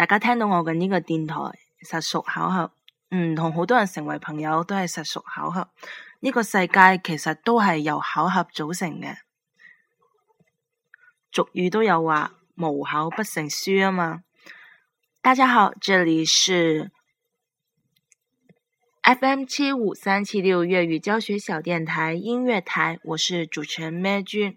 大家聽到我嘅呢個電台實屬巧合，嗯，同好多人成為朋友都係實屬巧合。呢個世界其實都係由巧合組成嘅。俗語都有話，無巧不成書啊嘛。大家好，這裏是 F M 七五三七六粵語教學小電台音樂台，我是主持人咩君。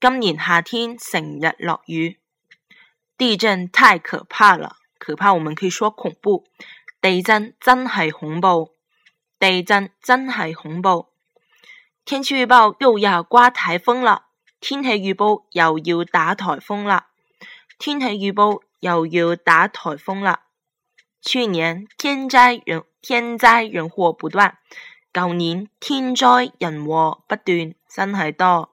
今年夏天成日落雨，地震太可怕了，可怕我們可以說恐怖。地震真係恐怖，地震真係恐怖。天氣預報又要颳颱風了，天氣預報又要打颱風了，天氣預報又要打颱風了。去年天災人天災人禍不斷，舊年天災人禍不斷，真係多。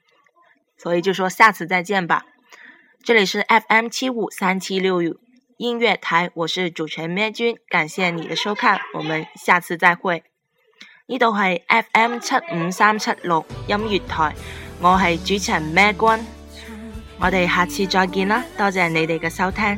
所以就說下次再見吧。這裏是 FM 七五三七六音樂台，我是主持人咩君，感謝你的收看，我們下次再會。呢度係 FM 七五三七六音樂台，我係主持人咩君，我哋下次再見啦，多謝你哋嘅收聽。